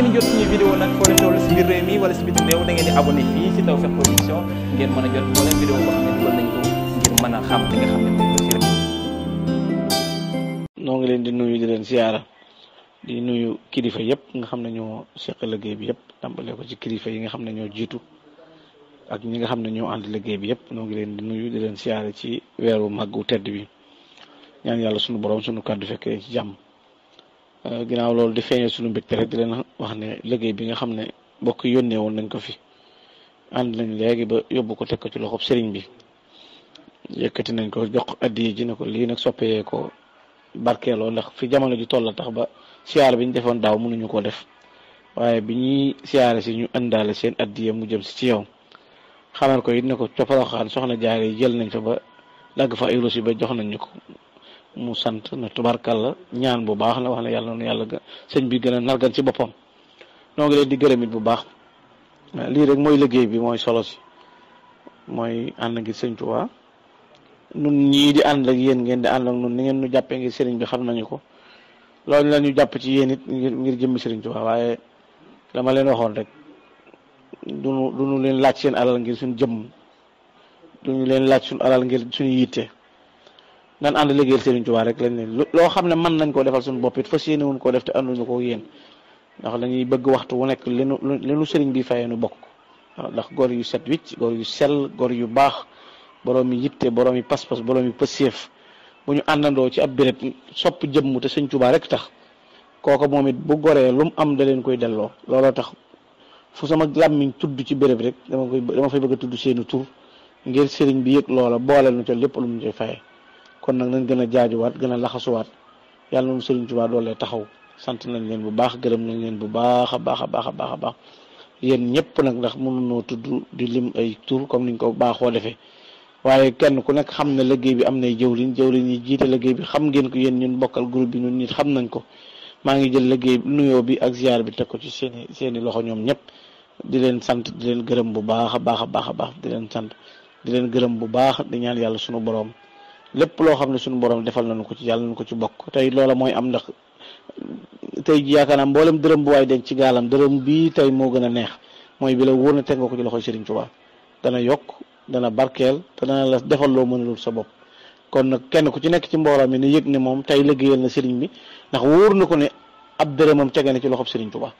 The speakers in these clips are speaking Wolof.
ngeen jot suñu leen di ngi leen di nuyu di leen siyaara di nuyu kilifa yëpp nga xam ne seq liggéey bi yëpp tàmbale ci kilifa yi nga xam ne ñoo jiitu ak ñi nga xam ne ñoo ànd liggéey bi yëpp noo ngi leen di nuyu di leen siyaara ci weeru màggu tedd bi ñaan yàlla suñu borom suñu kàddu fekkee ci jàmm. Euh, ginnaaw loolu di feeñee suñu mbégte rek di leen wax ne liggéey bi nga xam ne mbokk yi yónnee woon nañ ko fi ànd nañ léegi ba yóbbu ko teg ko ci loxob sëriñ bi yëkkati nañ ko jox addiya ji ne ko lii nag soppee ko ndax fi jamono ji toll tax ba siyaar bi defoon daaw mënuñu koo def waaye bi ñuy siyaare si ñu àndaale seen addiya mu jëm si ci yow xamal ko it ne ko ca Porokhane soxna jaare yi jël nañ fa ba dagg fa ay rosi ba jox nañ ñu ko mu sant na la ñaan bu baax la wax ne yàlla na yàlla sëñ bi gën a ci boppam noo ngi leen di gërëm bu baax lii rek mooy liggéey bi mooy solo si mooy ànd ngi sëñ Tuubaa nun ñii di ànd ak yéen ngeen di ànd ak nun ni ngeen ñu jàppee ngir sëriñ bi xam nañu ko loolu lañu jàpp ci yéen it ngir jëmmi sëriñ Tuubaa waaye dama leen waxoon rek du duñu leen laaj seen alal ngir suñ jëmm duñu leen laaj suñ alal ngir suñu yitte nan ànd liggéeyal Serigne Touba rek lañ leen loo xam ne mën nañ koo defal suñu bopp it fas yéene wuñ koo def te ànduñu ko yéen ndax dañuy bëgg waxtu wu nekk lenu lenu sëriñ bi fayee nu bokk ndax góor yu set wicc góor yu sel góor yu baax borom yi yitte borom yi pas-pas borom yi pëseef bu ñu àndandoo ci ab béréb sopp jëmm te Serigne Touba rek tax kooka moom it bu goree lu mu am da leen koy delloo looloo tax fu sama làmmiñ tudd ci bërëb rek dama koy dama fay bëgg tudd seeni tur ngir Serigne bi yëg loola boole nu ca lépp lu mu koy fayee kon nag nañ gën a jaajuwaat gën a laxasuwaat yàlla moom Sëriñ Tuubaa doolee taxaw sant nañ leen bu baax gërëm nañ leen bu baax a baax a baax a baax a baax yéen ñëpp nag ndax mënunoo tudd di lim ay tur comme niñ ko baaxoo defee waaye kenn ku nekk xam na liggéey bi am nay jëwriñ jëwriñ yi jiite liggéey bi xam ngeen ko yéen ñun bokkal groupe bi ñun nit xam nañ ko maa ngi jël liggéey nuyoo bi ak ziar bi teg ko ci seeni seeni loxo ñoom ñëpp di leen sant di leen gërëm bu baax a baax a baax a baax di leen sant di leen gërëm bu baax di yàlla sunu boroom lépp loo xam ne suñu borom defal na nañu ko ci yàlla nañu ko ci bokk tey loola mooy am ndax tey ji yaakaar naa mboolem dërëm bu waaye denc ci gaalam dërëm bi tey moo gën a neex mooy bi la wóor na teg nga ko ci loxoy Serigne Touba dana yokk dana barkeel te dana la defal loo mënalul sa bopp kon nag kenn ku ci nekk ci mbooloo mi ne yëg ne moom tey liggéeyal na Serigne bi ndax wóor na ko ne ab dërëmam tege na ci loxob Serigne Touba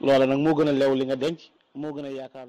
loola nag moo gën a lew li nga denc moo gën a yaakaar.